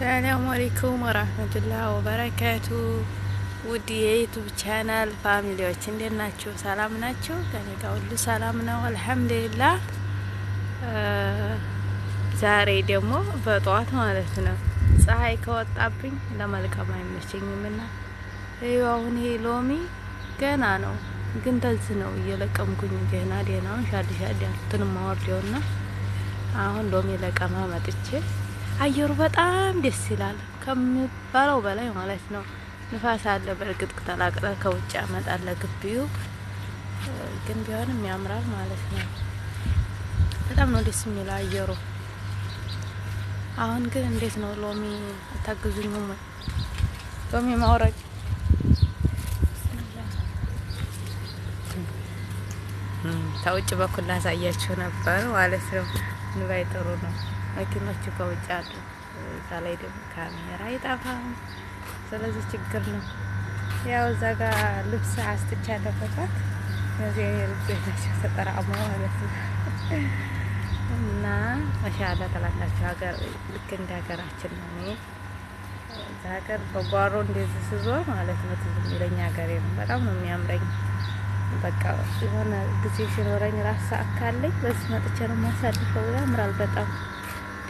ሰላም አለይኩም ወራህመቱላህ ወበረካቱ። ውድ የዩቱብ ቻናል ፋሚሊዎች እንዴት ናችሁ? ሰላም ናችሁ? ከኔ ጋር ሁሉ ሰላም ነው አልሐምዱሊላህ። ዛሬ ደግሞ በጠዋት ማለት ነው ፀሐይ ከወጣብኝ ለመልቀም አይመቸኝም እና ይኸው አሁን ይሄ ሎሚ ገና ነው፣ ግን ተዝ ነው እየለቀምኩኝ ገና ዴናውን ሻድ ሻድ ያሉትን ማወርድ አሁን ሎሚ ለቀማ መጥቼ አየሩ በጣም ደስ ይላል ከሚባለው በላይ ማለት ነው። ንፋስ አለ። በእርግጥ ቅጠላቅጠል ከውጭ ያመጣል ግቢው ግን ቢሆንም ያምራል ማለት ነው። በጣም ነው ደስ የሚለው አየሩ። አሁን ግን እንዴት ነው ሎሚ አታግዙኝም? ሎሚ ማውረቅ ከውጭ በኩል ላሳያችሁ ነበር ማለት ነው። ንባይ ጥሩ ነው። መኪኖቹ ከውጭ አሉ። እዛ ላይ ደግሞ ካሜራ አይጠፋም። ስለዚህ ችግር ነው። ያው እዛ ጋር ልብስ አስጥቻ ያለበቷት እነዚህ ልብስ ናቸው ተጠራቅሞ ማለት ነው። እና መሻላ ተላላቸው ሀገር ልክ እንደ ሀገራችን ነው። እኔ እዛ ሀገር በጓሮ እንደዚህ ስዞር ማለት ነው ትዝ የሚለኝ ሀገሬ ነው። በጣም ነው የሚያምረኝ። በቃ የሆነ ጊዜ ሲኖረኝ ራስ ሰዓት ካለኝ በዚህ መጥቼ ነው ማሳልፈው። ያምራል በጣም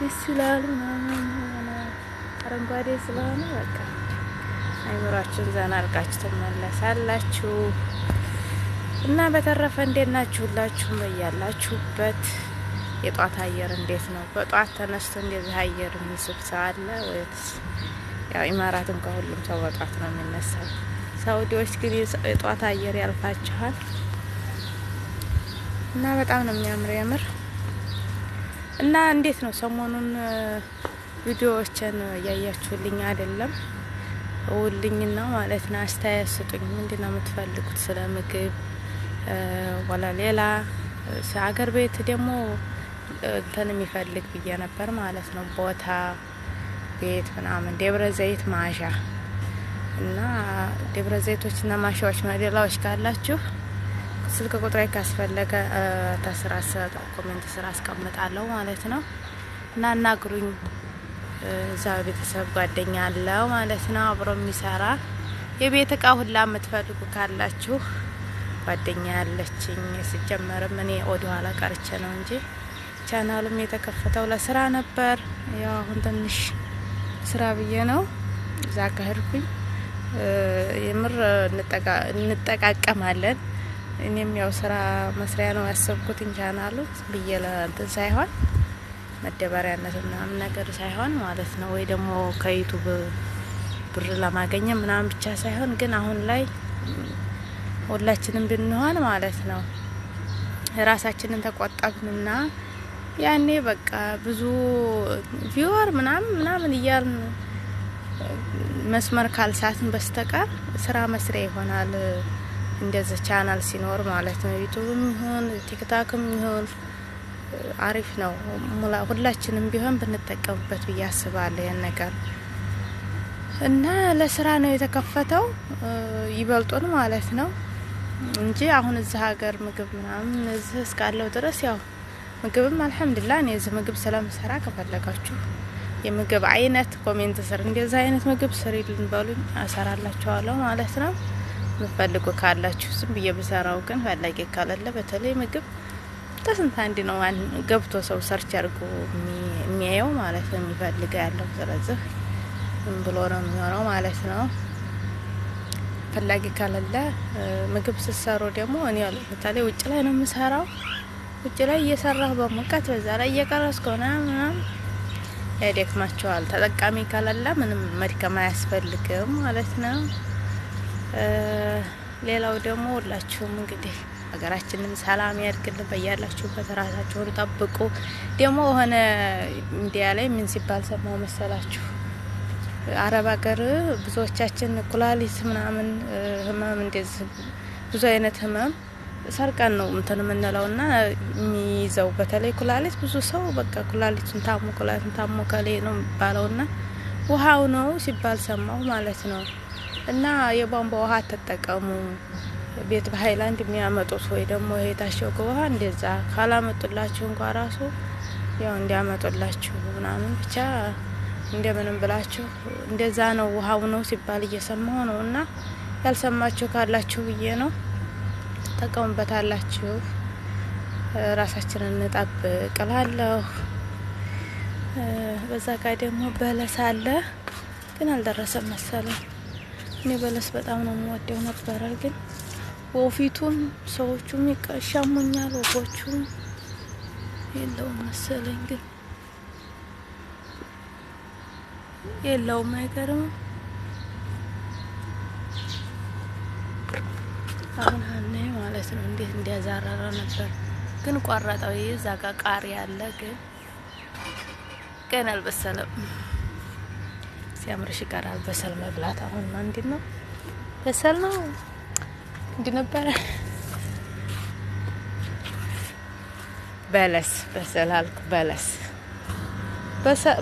ደስ ይላል አረንጓዴ ስለሆነ በቃ አይምሯችሁን ዘና አድርጋችሁ ትመለሳላችሁ። እና በተረፈ እንዴት ናችሁ? እያላችሁበት የጧት አየር እንዴት ነው? በጧት ተነስቶ እንደዚህ አየር የሚስብ ሰው አለ ወይስ? ያው ኢማራት እንኳ ሁሉም ሰው በጧት ነው የሚነሳው። ሳውዲዎች ግን የጧት አየር ያልፋችኋል እና በጣም ነው የሚያምር የምር እና እንዴት ነው ሰሞኑን ቪዲዮዎችን እያያችሁልኝ አይደለም? ውልኝና ማለት ነው። አስተያየት ስጡኝ። ምንድን ነው የምትፈልጉት? ስለ ምግብ ወላ ሌላ ሀገር ቤት ደግሞ እንትን የሚፈልግ ብዬ ነበር ማለት ነው። ቦታ ቤት ምናምን ደብረ ዘይት ማሻ እና ደብረ እና ማሻዎች መደላዎች ካላችሁ ስልክ ቁጥሬ ካስፈለገ ተስራ ኮሜንት ስራ አስቀምጣለሁ ማለት ነው እና እናግሩኝ። እዛ ቤተሰብ ጓደኛ አለው ማለት ነው አብሮ የሚሰራ የቤት እቃ ሁላ የምትፈልጉ ካላችሁ ጓደኛ ያለችኝ። ሲጀመርም እኔ ወደኋላ ቀርቼ ነው እንጂ ቻናሉም የተከፈተው ለስራ ነበር። ያው አሁን ትንሽ ስራ ብዬ ነው እዛ ካሄድኩኝ የምር እንጠቃቀማለን እኔም ያው ስራ መስሪያ ነው ያሰብኩት ቻናሉ ብዬ ለእንትን ሳይሆን መደበሪያነት ምናምን ነገር ሳይሆን ማለት ነው ወይ ደግሞ ከዩቱብ ብር ለማገኘት ምናምን ብቻ ሳይሆን ግን አሁን ላይ ሁላችንም ብንሆን ማለት ነው ራሳችንን ተቆጠብንና ያኔ በቃ ብዙ ቪወር ምናምን ምናምን እያልን መስመር ካልሳትን በስተቀር ስራ መስሪያ ይሆናል። እንደዚህ ቻናል ሲኖር ማለት ነው። ዩቱብም ይሁን ቲክታክም ይሁን አሪፍ ነው። ሁላችንም ቢሆን ብንጠቀምበት ብዬ አስባለሁ ያን ነገር እና ለስራ ነው የተከፈተው ይበልጡን ማለት ነው እንጂ አሁን እዚህ ሀገር ምግብ ምናምን እዚህ እስካለው ድረስ ያው ምግብም አልሐምዱሊላህ እኔ እዚህ ምግብ ስለምሰራ ከፈለጋችሁ የምግብ አይነት ኮሜንት ስር እንደዚህ አይነት ምግብ ስሪልን በሉኝ አሰራላችኋለሁ ማለት ነው። ምፈልጉ ካላችሁ ዝም ብዬ ብሰራው ግን ፈላጊ ካለለ በተለይ ምግብ ተስንት አንድ ነው ገብቶ ሰው ሰርች አድርጎ የሚያየው ማለት ነው የሚፈልገ ያለው ስለዚህ ብሎ ነው የሚሆነው ማለት ነው። ፈላጊ ካለለ ምግብ ስሰሩ ደግሞ እኔ በተለይ ውጭ ላይ ነው የምሰራው። ውጭ ላይ እየሰራሁ በሙቀት በዛ ላይ እየቀረስ ከሆነ ምናም ያደክማቸዋል። ተጠቃሚ ካለላ ምንም መድከም አያስፈልግም ማለት ነው። ሌላው ደግሞ ሁላችሁም እንግዲህ ሀገራችንን ሰላም ያድርግልን። በያላችሁበት ራሳችሁን ጠብቁ። ደግሞ የሆነ ሚዲያ ላይ ምን ሲባል ሰማው መሰላችሁ? አረብ ሀገር ብዙዎቻችን ኩላሊት ምናምን ህመም እንደዚህ ብዙ አይነት ህመም ሰርቀን ነው እንትን የምንለው ና የሚይዘው በተለይ ኩላሊት ብዙ ሰው በቃ ኩላሊቱን ታሞ ኩላሊቱን ታሞ ከሌ ነው የሚባለው ና ውሀው ነው ሲባል ሰማው ማለት ነው። እና የቧንቧ ውሃ ተጠቀሙ ቤት በሀይላንድ የሚያመጡት ወይ ደግሞ የታሸገ ውሃ እንደዛ ካላመጡላችሁ እንኳ ራሱ ያው እንዲያመጡላችሁ ምናምን ብቻ እንደምንም ብላችሁ እንደዛ ነው ውሃው ነው ሲባል እየሰማሁ ነው። እና ያልሰማችሁ ካላችሁ ብዬ ነው። ተጠቀሙበታላችሁ። ራሳችንን እንጠብቅ እላለሁ። በዛ ጋ ደግሞ በለስ አለ ግን አልደረሰም መሰለኝ። እኔ በለስ በጣም ነው የምወደው ነበረ። ግን ወፊቱም ሰዎቹም ይቀሻሙኛል፣ ወፎቹም የለውም መሰለኝ። ግን የለውም አይገርም። አሁን ሀኔ ማለት ነው እንዴት እንዲያዛረረ ነበር። ግን ቆረጠው። ይህ እዛ ጋ ቃሪ አለ፣ ግን ገና አልበሰለም። ሲያምርሽ ይቀራል። በሰል መብላት አሁን እንዴት ነው? በሰል ነው እንዲ ነበረ። በለስ በሰል አልኩ። በለስ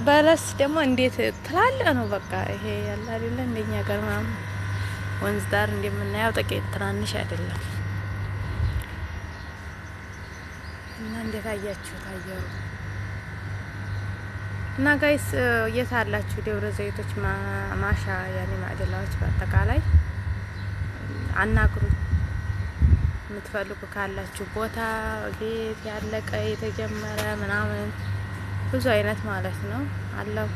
በለስ ደግሞ እንዴት ትላለ ነው። በቃ ይሄ ያለ አይደለ እንደኛ ገር ምናምን ወንዝ ዳር እንደምናየው ጥቂት ትናንሽ አይደለም። እና እንዴት አያችሁ ታየሩ? እና ጋይስ የት አላችሁ? ደብረ ዘይቶች ማሻ ያኔ ማዕድላዎች በአጠቃላይ አናግሩ የምትፈልጉ ካላችሁ ቦታ ቤት ያለቀ የተጀመረ ምናምን ብዙ አይነት ማለት ነው አለው።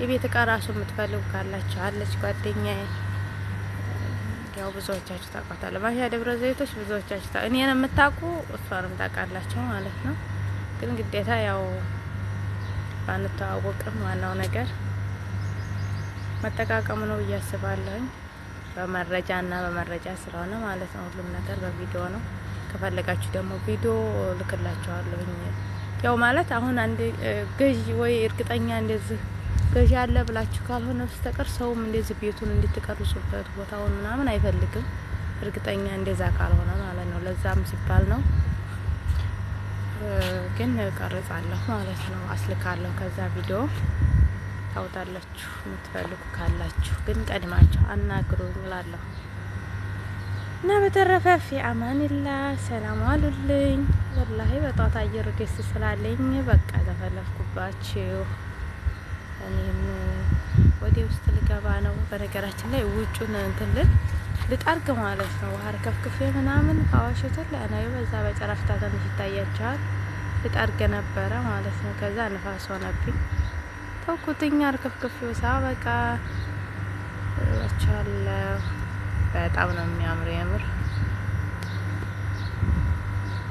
የቤት እቃ ራሱ የምትፈልጉ ካላችሁ አለች ጓደኛ ያው ብዙዎቻችሁ ታውቋታለ። ማሻ ደብረ ዘይቶች ብዙዎቻችሁ እኔን የምታውቁ እሷንም ታውቃላችሁ ማለት ነው። ግን ግዴታ ያው ባንተዋወቅም ዋናው ነገር መጠቃቀሙ ነው ብዬ አስባለሁኝ። በመረጃ እና በመረጃ ስለሆነ ማለት ነው ሁሉም ነገር በቪዲዮ ነው። ከፈለጋችሁ ደግሞ ቪዲዮ ልክላችኋለሁኝ። ያው ማለት አሁን አንድ ገዢ ወይ እርግጠኛ እንደዚህ ገዢ አለ ብላችሁ ካልሆነ በስተቀር ሰውም እንደዚህ ቤቱን እንድትቀርጹበት ቦታውን ምናምን አይፈልግም። እርግጠኛ እንደዛ ካልሆነ ማለት ነው። ለዛም ሲባል ነው ግን ቀርጻለሁ ማለት ነው፣ አስልካለሁ። ከዛ ቪዲዮ ታውታላችሁ። የምትፈልጉ ካላችሁ ግን ቀድማችሁ አናግሩኝ እላለሁ። እና በተረፈ ፊ አማንላ ሰላም አሉልኝ። ወላሂ በጧት አየሩ ደስ ስላለኝ በቃ ተፈለፍኩባችሁ። እኔም ወደ ውስጥ ልገባ ነው። በነገራችን ላይ ውጩን እንትን ልጠርግ ማለት ነው። ውሀ ከፍክፌ ምናምን ሀዋሸቶላ ነው በዛ በጨረፍታ ትንሽ ይታያቸዋል። ፍቃርገ ነበረ ማለት ነው። ከዛ ንፋስ ሆነብኝ ተውኩትኝ። ተውኩትኛ አርከፍክፌው በቃ እላችኋለሁ። በጣም ነው የሚያምር የምር